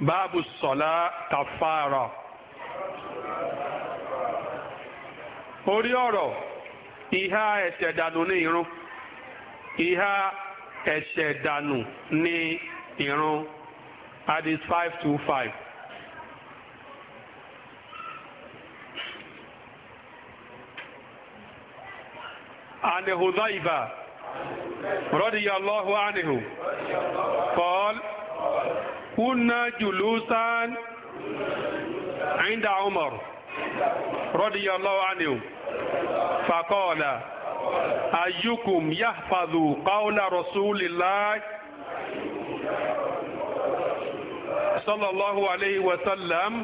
báàbù sọ̀lá kàfàrà. Oriọrọ Ihe ìhà ni irun ìhà ẹ̀ṣẹ̀ dànù irun hadith five كنا جلوسا عند عمر رضي الله عنه فقال أيكم يحفظ قول رسول الله صلى الله عليه وسلم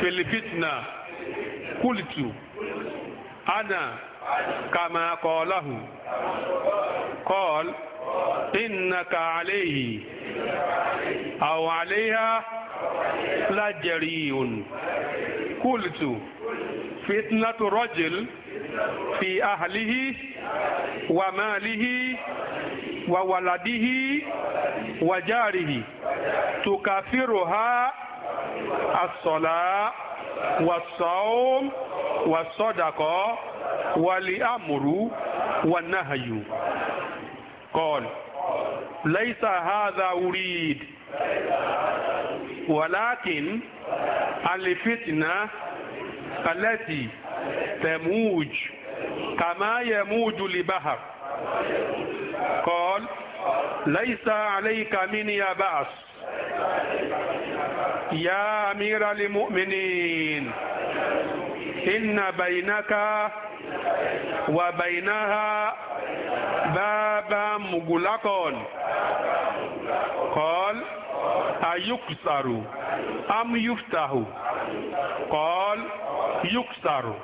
في الفتنة قلت أنا كما قاله قال إنك عليه أو عليها لجري قلت فتنة رجل في أهله وماله وولده وجاره تكافرها الصلاة والصوم والصدقة والأمر والنهي قال ليس هذا أريد ولكن الفتنة التي تموج كما يموج لبهر قال ليس عليك مني بأس يا أمير المؤمنين إن بينك وبينها بابا مغلقا قال أيكسر أم يفتح قال يكسر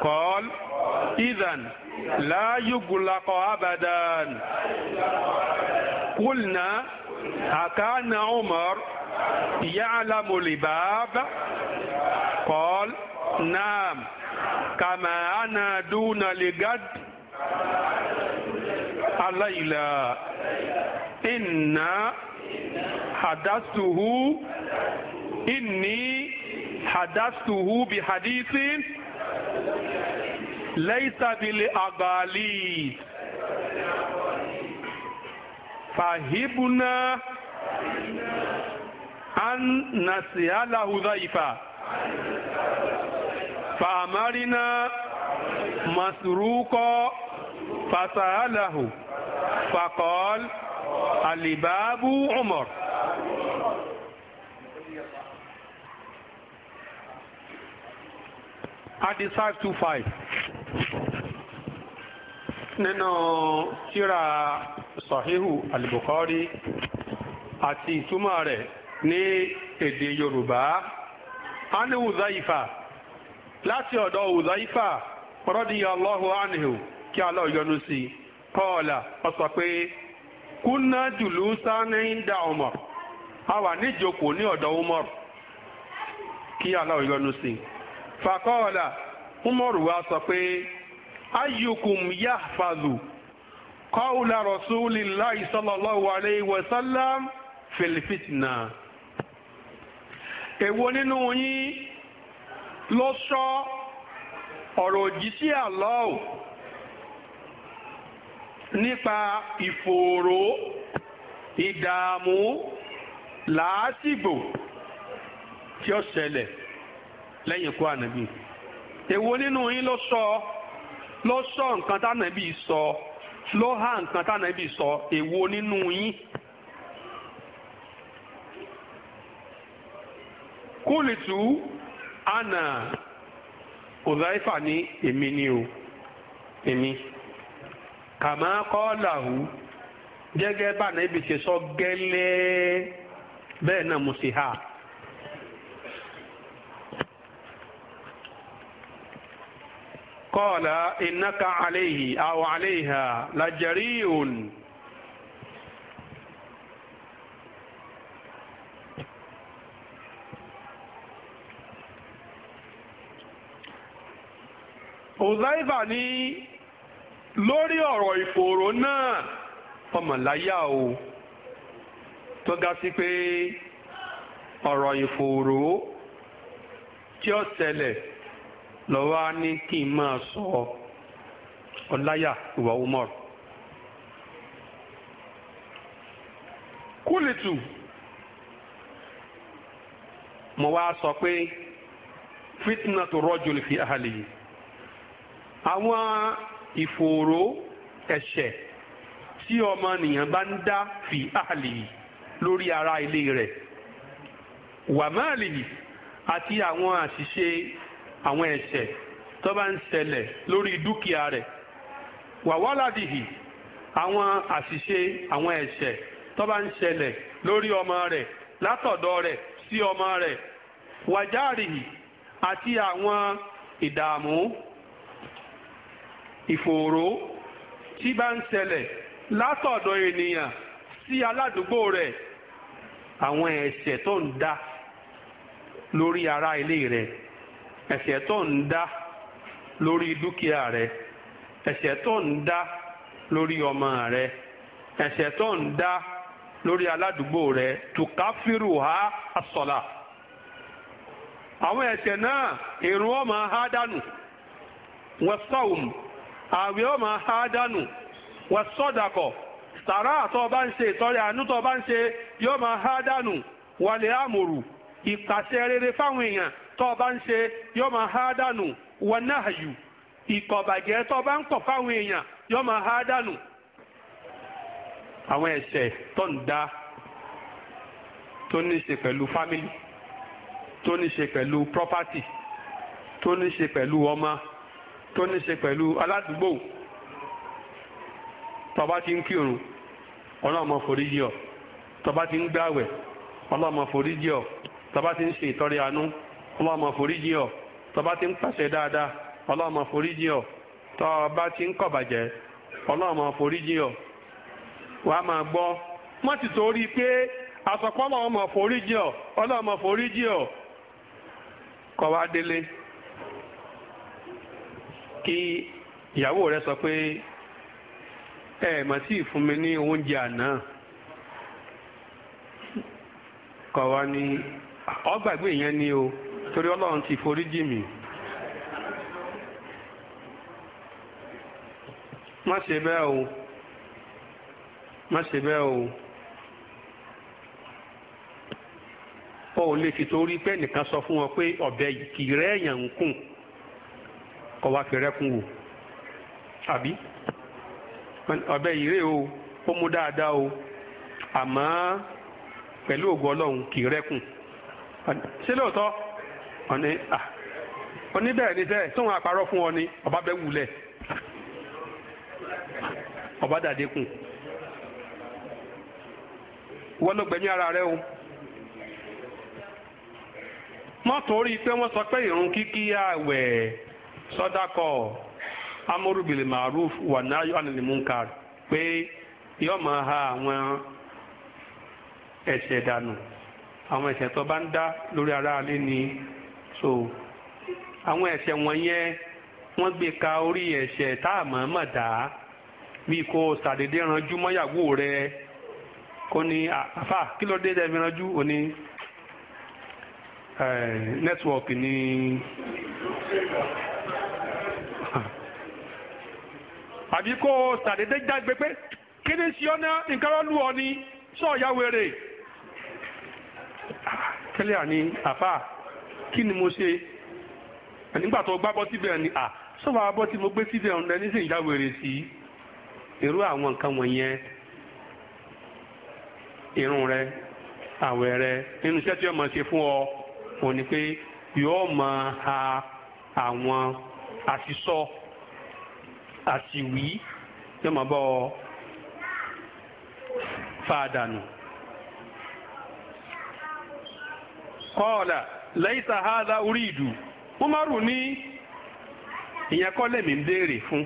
قال إذا لا يغلق أبدا قلنا أكان عمر يعلم لباب قال نعم كما أنا دون لقد الليلة إن حدثته إني حدثته بحديث ليس بالأقاليد فهبنا أن نسأله ضيفا فأمرنا مسروقا فسأله فقال الباب عمر Hadith 525 nínú tírà Sahihu Al-Bukhari àti ìtumọ̀ rẹ̀ ní èdè Yorùbá. Anihu Zaifa láti ọ̀dọ̀ ụzọ radiyallahu anhu kí Allah yọ́nú sí kọ́ọ̀là ó pé kúnná julusan inda ọmọ a wà níjókòó ní ọ̀dọ̀ Umar kí Allah yọ́nú sí fàkọ́ọ̀là Umar wa sọ pé ló sọ ọ̀rọ̀ òjì sí àlọ́ọ̀ nípa ìfòòró ìdààmú làásìgbò tí ó ṣẹlẹ̀ lẹ́yìn ikú ànábì èwo nínú yín ló sọ ló sọ nǹkan tánàbì sọ ló há nǹkan tánàbì sọ èwo nínú yín. kúlìtù ana ọ̀záífà ní èmi ni o èmi kàmá kọ́ làwù gẹ́gẹ́ bá nàbì ṣe sọ gẹ́lẹ́ bẹ́ẹ̀ náà mo sì hà. kọ́ọ̀lá ìnáka àléhì àwọn àléhà làjẹ̀ríhùn. òzáìfà ní lórí ọ̀rọ̀ ìfòòró náà ọmọláyà o tó ga sí pé ọ̀rọ̀ ìfòòró tí ó ṣẹlẹ̀ lọ́wọ́ á ní kí n máa sọ ọláyà ìwà umar. kúlìtù mo wá sọ pé fitna tó rọ́jò lè fi ahàlì yìí àwọn ìfòòró ẹ̀ṣẹ̀ tí ọmọnìyàn bá ń dá fi àlè lórí ara ilé rẹ̀ wàmáàlì àti àwọn àṣìṣe àwọn ẹ̀ṣẹ̀ tó bá ń ṣẹlẹ̀ lórí dúkìá rẹ̀ wàwáládìhì àwọn àṣìṣe àwọn ẹ̀ṣẹ̀ tó bá ń ṣẹlẹ̀ lórí ọmọ rẹ̀ látọ̀dọ̀ rẹ̀ sí ọmọ rẹ̀ wàjáàrìhì àti àwọn ìdààmú ìfòòró tí bá ń ṣẹlẹ̀ látọ̀dọ̀ ènìyàn sí aládùúgbò rẹ̀ àwọn ẹ̀ṣẹ̀ tó ń dá lórí ara ilé rẹ̀ ẹ̀ṣẹ̀ tó ń dá lórí dúkìá rẹ̀ ẹ̀ṣẹ̀ tó ń dá lórí ọmọ rẹ̀ ẹ̀ṣẹ̀ tó ń dá lórí aládùúgbò rẹ̀ tùkáfírù ha asọ̀là àwọn ẹ̀ṣẹ̀ náà èrò ọmọ ha dànù wọ́n sáwùmù. o ọmọ ha dànù wà sọ́dàkọ̀ sàrà àtọ́ bá ń ṣe ìtọ́rẹ àánú tó bá ń ṣe yóò máa há dànù wàlẹ̀ àmòrù ìpàṣẹ rere fáwọn èèyàn tó bá ń ṣe yóò máa há dànù wà náà yù ìkọ̀bàjẹ́ tó bá ń kọ̀ fáwọn èèyàn yóò da tó ní ṣe pẹ̀lú fámìlì tó ní ṣe pẹ̀lú property tó ní ṣe pẹ̀lú tó ní ṣe pẹ̀lú aládùúgbò tọba ti ń kírun ọlọ́mọ foríjì ọ tọba ti ń gbàwẹ̀ ọlọ́mọ foríjì ọ tọba ti ń ṣe ìtọrẹ àánú ọlọ́mọ foríjì ọ tọba ti ń pàṣẹ dáadáa ọlọ́mọ foríjì ọ tọba ti ń kọ̀bàjẹ́ ọlọ́mọ foríjì ọ wàá máa gbọ́ wọ́n ti torí pé àsọpọ̀ ọlọ́mọ foríjì ọ ọlọ́mọ foríjì ọ kọ̀ wá délé kí ìyàwó rẹ sọ pé ẹ mà si ì fún mi ní oúnjẹ àná kọ wá ní ọgbàgbé yẹn ni o torí ọlọrun ti forí jì mí. má ṣe bẹ́ẹ̀ o má ṣe bẹ́ẹ̀ o. o lè fi torí pé ẹnìkan sọ fún ọ pé ọbẹ kì í rẹ́ ń kùn kọ́ wá fi rẹ́kùn wò àbí ọ̀bẹ ìrè o ó mú dáadáa o àmọ́ pẹ̀lú ògùn ọlọ́run kì í rẹ́kùn ṣé lóòótọ́ ọ̀ni à oníbẹ̀rẹ̀ ni sẹ́ẹ̀ tóun àparọ́ fún ọ ni ọba bẹ́ wulẹ̀ ọba dàdé kù wọ́n ló gbẹ̀mí ara rẹ o mọ́tò orí pé wọ́n sọ pé ìrun kíkí àwẹ̀ sọdakọ amórúbìlì maruf wà náyọ ànínìmúkàr pé yóò máa ha àwọn ẹsẹ dànù àwọn ẹsẹ tó bá ń dá lórí aráalé ni so àwọn ẹ̀ṣẹ̀ wọ̀nyẹn wọn gbé ka orí ẹsẹ tá a mọ̀ mọ̀ dá bí kò sàdédé ranjú mọ́yàwó rẹ kò ní àfà kí ló dé dẹ́bi ranjú ò ní nẹ́tíwọ̀kì àbí kó o sàdédé jágbe pé kíni sí ọ́nà nǹkan ló lù ọ́ ni sọ̀ọ́yà wèrè. kílíà ah, ni àfà kí ni mo ṣe nígbà tó gbá bọ́ síbẹ̀ ni ah, à sọ́wọ́ abọ́ tí mo gbé síbẹ̀ ọ̀nà ẹni sì ń yá wèrè sí irú àwọn nǹkan wọ̀nyẹn irun rẹ àwẹ̀ rẹ nínú iṣẹ́ tí ọmọ ṣe fún ọ òní pé yóò máa ha àwọn àṣìṣọ́. àsìwí yóò máa bọ́ fàdánù. kọ́ọ̀là lẹ́yìntà hàdá orí ìdù Umaru ní ìyẹn kọ́ lèmi ń béèrè fún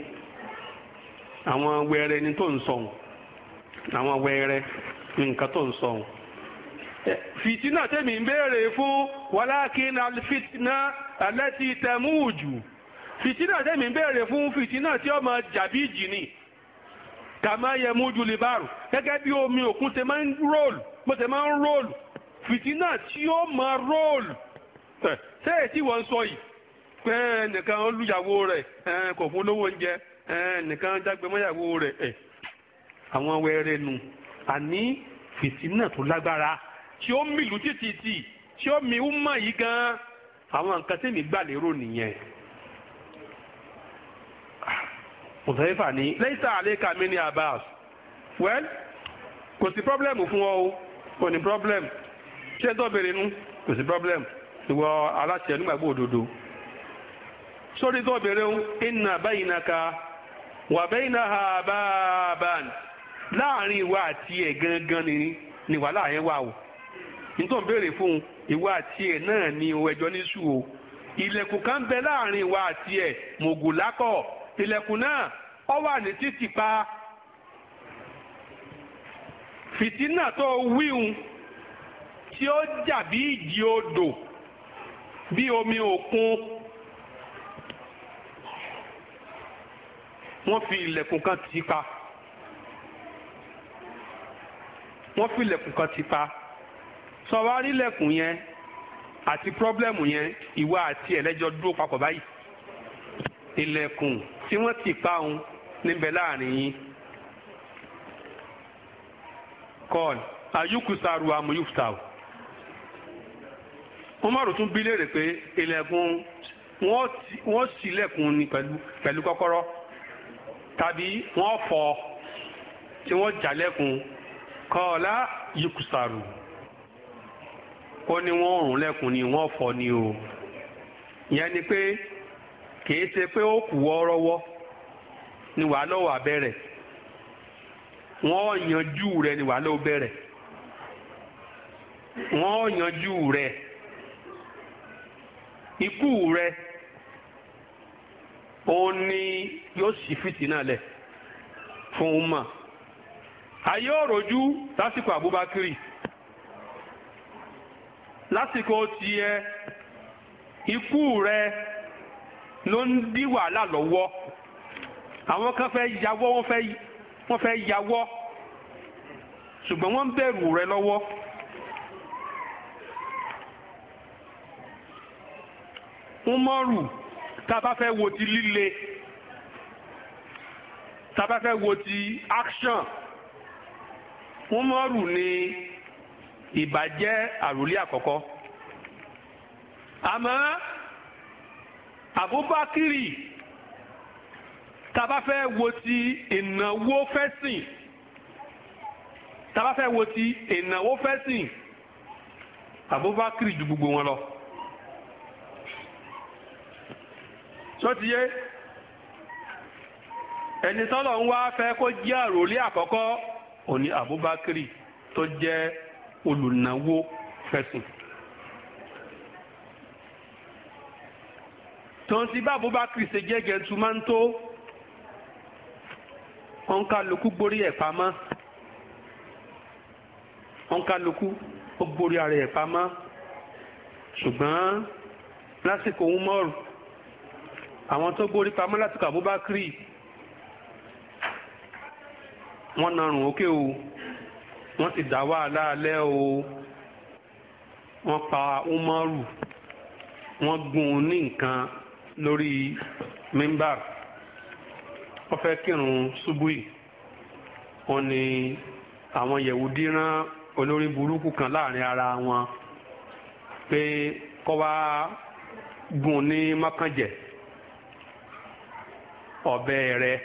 àwọn wẹ́rẹ́ ni tó ń sọ̀hún àwọn wẹ́rẹ́ nǹkan tó ń sọ̀hún. fìtínà tẹ̀mí ń béèrè fún fìtínà tẹ́mi ń béèrè fún fìtínà tí ọmọ jàbí ìjì ni kàmá yẹ mójú lè bàrù gẹ́gẹ́ bí omi òkun ṣe máa ń róòlù bó ṣe máa ń róòlù fìtínà tí ó máa róòlù ṣé èsì wọ́n sọ yìí pé nìkan olùyàwó rẹ̀ kò fún lówó oúnjẹ nìkan jágbémọ́yàwó rẹ̀ àwọn wẹ́rẹ́ nu àní fìtínà tó lágbára tí ó mìlú títì tí ó mi ń mọ̀ yìí gan-an àwọn nǹkan tẹ̀mí gbà lérò nìyẹn. Huzaifa ní laisa alayka mini Abbas well kò sí pọ́blẹ́mù fún ọ o kò ní problem ṣé tó béèrè nu kò sí pọ́blẹ́mù ìwọ aláṣẹ nígbàgbọ́ òdodo sórí tó béèrè o inna baynaka wa baynaha baaban láàrin ìwà àti ẹ̀ gangan ni ni wàhálà yẹn wà o nítorí béèrè fún ìwà àti ẹ̀ náà ni ẹjọ́ ní sùn o ilẹ̀kùn kan bẹ láàrin ìwà àti ẹ̀ mọ̀gùlákọ̀ọ́ ilẹ̀kùn náà ó wà ní títì pa fìtínà tó wíhun tí ó jà bí ìjì odò bí omi òkun wọ́n fi ilẹ̀kùn kan tì pa wọ́n fi ilẹ̀kùn kan tì pa sọ̀rọ̀ nílẹ̀kùn yẹn àti pírọ́blẹ́mù yẹn ìwà àti ẹ̀lẹ́jọ́ dúró papọ̀ báyìí ilẹ̀kùn tí wọ́n ti pa òun níbẹ̀ láàrin yín. kọ́ọ̀n ayúkùsàrù amúyùfùtàù. wọ́n má rò tún bí léèrè pé ilẹ̀kùn wọ́n sílẹ̀kùn ni pẹ̀lú kọ́kọ́rọ́ tàbí wọ́n fọ́ tí wọ́n jálẹ̀kùn kọ́ọ̀lá yùkùsàrù. ó ní wọ́n rùn lẹ́kùn ni wọ́n fọ́ ni o. ìyẹn ni pé. kìí ṣe pé ó kù ọ́ ni wàá lọ́wọ́ abẹ́rẹ́ wọ́n yanjú rẹ̀ ni wàá lọ́wọ́ bẹ̀rẹ̀ wọ́n yanjú rẹ̀ ikú rẹ̀ òun ni yóò sì náà lẹ̀ fún un mọ̀ ayé òròjú lásìkò Abubakar lásìkò tiẹ̀ ikú rẹ̀. ló ń dí wàhálà lọ́wọ́ àwọn kan fẹ́ yáwọ́ wọ́n fẹ́ wọ́n fẹ́ yáwọ́ ṣùgbọ́n wọ́n ń bẹ̀rù rẹ lọ́wọ́. wọ́n mọ̀rù tá a bá fẹ́ wo ti líle tá a bá fẹ́ wo ti action wọ́n mọ̀rù ni ìbàjẹ́ àròlé àkọ́kọ́ àmọ́. Abubakiri tàbá fẹ́ wo ti ìnáwó fẹ́sìn tàbá fẹ́ wo ti ìnáwó fẹ́sìn Abubakir ju gbogbo wọn lọ. sọ́tiyé ẹni tọ́lọ̀ ń wá fẹ́ kó jẹ́ àròlé àkọ́kọ́ òní Abubakir tó jẹ́ olùnáwó fẹ́sìn. tọ́ntì bá Abubakar ṣe jẹ́ gẹ̀ẹ́tù onka ń tó ọ̀nkálukú gborí ẹ̀ pamọ́ ọ̀nkálukú ó gborí ara ẹ̀ pamọ́ ṣùgbọ́n lásìkò Umaru àwọn tó gborí pamọ́ lásìkò Abubakar wọ́n narùn òkè o wọ́n ti dá wàhálà alẹ́ o wọ́n pa Umaru wọ́n gún ní nǹkan lórí mímbà ó fẹ́ kírun ṣubúì ó ní àwọn yẹ̀wùdí rán olórí burúkú kan láàrin ara wọn pé kó wá gún ní mọ́kànjẹ́ ọ̀bẹ rẹ̀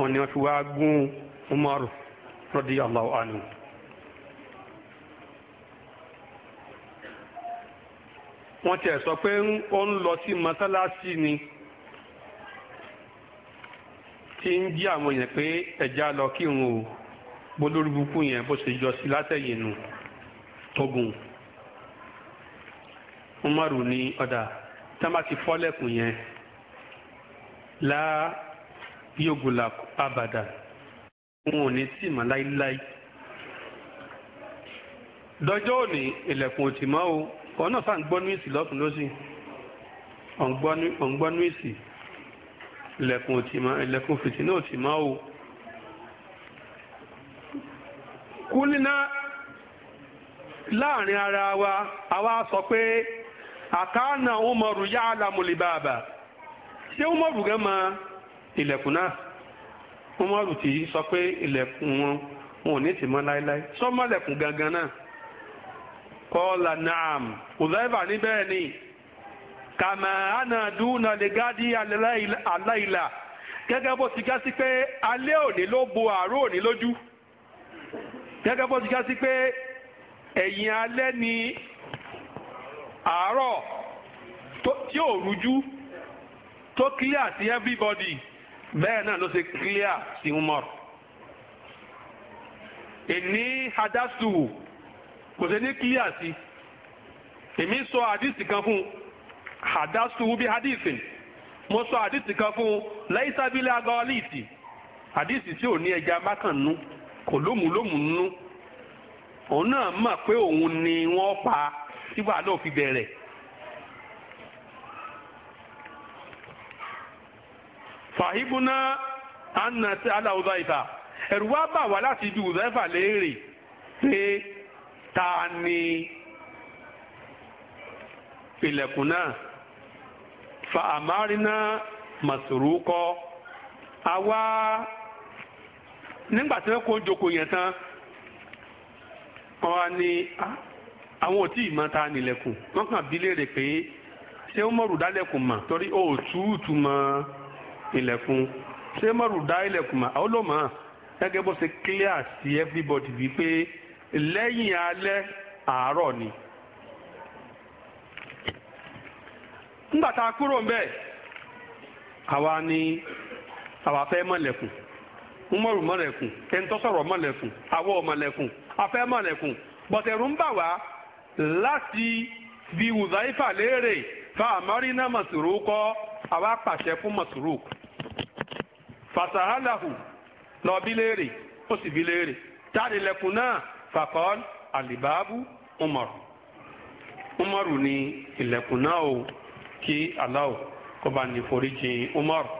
ó ní wọ́n fi wá gún Umaru radiyallahu anhu. wọ́n tiẹ̀ sọ pé ó ń lọ sí mọ́sálásí ni tí ń jí àwọn èèyàn pé ẹ̀já lọ kírun o bó lórí burúkú yẹn bó ṣe yọ sí látẹ̀yìn nù tógun Umaru ní ọ̀dà tá ti fọ́lẹ̀kùn yẹn lá yógùlà abàdà wọn ò ní tì mọ́ dọjọ́ òní ilẹ̀kùn ò mọ́ o wọn náà fà ń gbọ́ níwìsì lọ́tún lọ́sìn ọ̀n gbọ́ níwìsì ilẹ̀kùn òtìmọ́ ilẹ̀kùn fìtínà òtìmọ́ o. kúlínà láàrin ara wa àwa sọ pé àkáànà Umaru yá alámúlẹ̀ bàbà ṣé Umaru gẹ́ mọ ilẹ̀kùn náà Umaru ti sọ pé ilẹ̀kùn wọn wọn ò ní tì mọ́ láéláé sọ́mọ́lẹ̀kùn gangan náà kọ́ọ̀là naam Hudhaifa ní bẹ́ẹ̀ ni kàmà ànàdúnà lè gádí aláìlà gẹ́gẹ́ bó ti já sí pé alẹ́ òní ló bo àárọ̀ òní lójú gẹ́gẹ́ bó ti já sí pé ẹ̀yìn alẹ́ ni àárọ̀ tí ò rújú tó clear sí everybody bẹ́ẹ̀ náà ló ṣe clear sí Umar. Èní hadasu kò sí ní clear sí èmi sọ àdìsí kan fún àdásùwú bí àdìsí mo sọ àdìsí kan fún láìsábílẹ̀ agọ́ọ̀lìtì àdìsí tí ò ní ẹja mákànnú kò lómùlómù nínú òun náà mọ̀ pé òun ni wọ́n pa tí wàhálà fi bẹ̀rẹ̀. fàhíbùnà anna ti aláwùzá ìfà ẹ̀rù wá bà wá láti ju ìfà léèrè pé ta ni ilẹ̀kùn fa àmárínà màsùrùkọ àwa nígbà tí wọ́n kó joko yẹn tán wọ́n ah, àwọn ò tí ì ta ni ilẹ̀kùn wọ́n kàn bí léèrè pé ṣé ó mọ̀rù dálẹ̀kùn mà torí ó tùútù mọ́ ilẹ̀kùn ṣé mọ̀rù dá ilẹ̀kùn mà àwọn gẹ́gẹ́ bó ṣe clear sí everybody bíi pé. lẹ́yìn alẹ́ àárọ̀ ni. nígbà kúrò ni àwa fẹ́ mọ̀lẹ́kùn umaru mọ̀lẹ́kùn ẹnitọ́sọ̀rọ̀ mọ̀lẹ́kùn awọ́ mọ̀lẹ́kùn afẹ́ mọ̀lẹ́kùn bọ̀tẹ̀rù ń bà wá láti bí wùzáífà léèrè fa àmọ́rínà mọ̀sùrù kọ́ àwa pàṣẹ fún mọ̀sùrù lọ bí léèrè ó sì bí léèrè táàdì lẹ́kùn náà fakọ́l alibabu umaru umaru ni ilẹ̀kùn náà o kí aláwọ̀ kó bá ní foríjì umaru.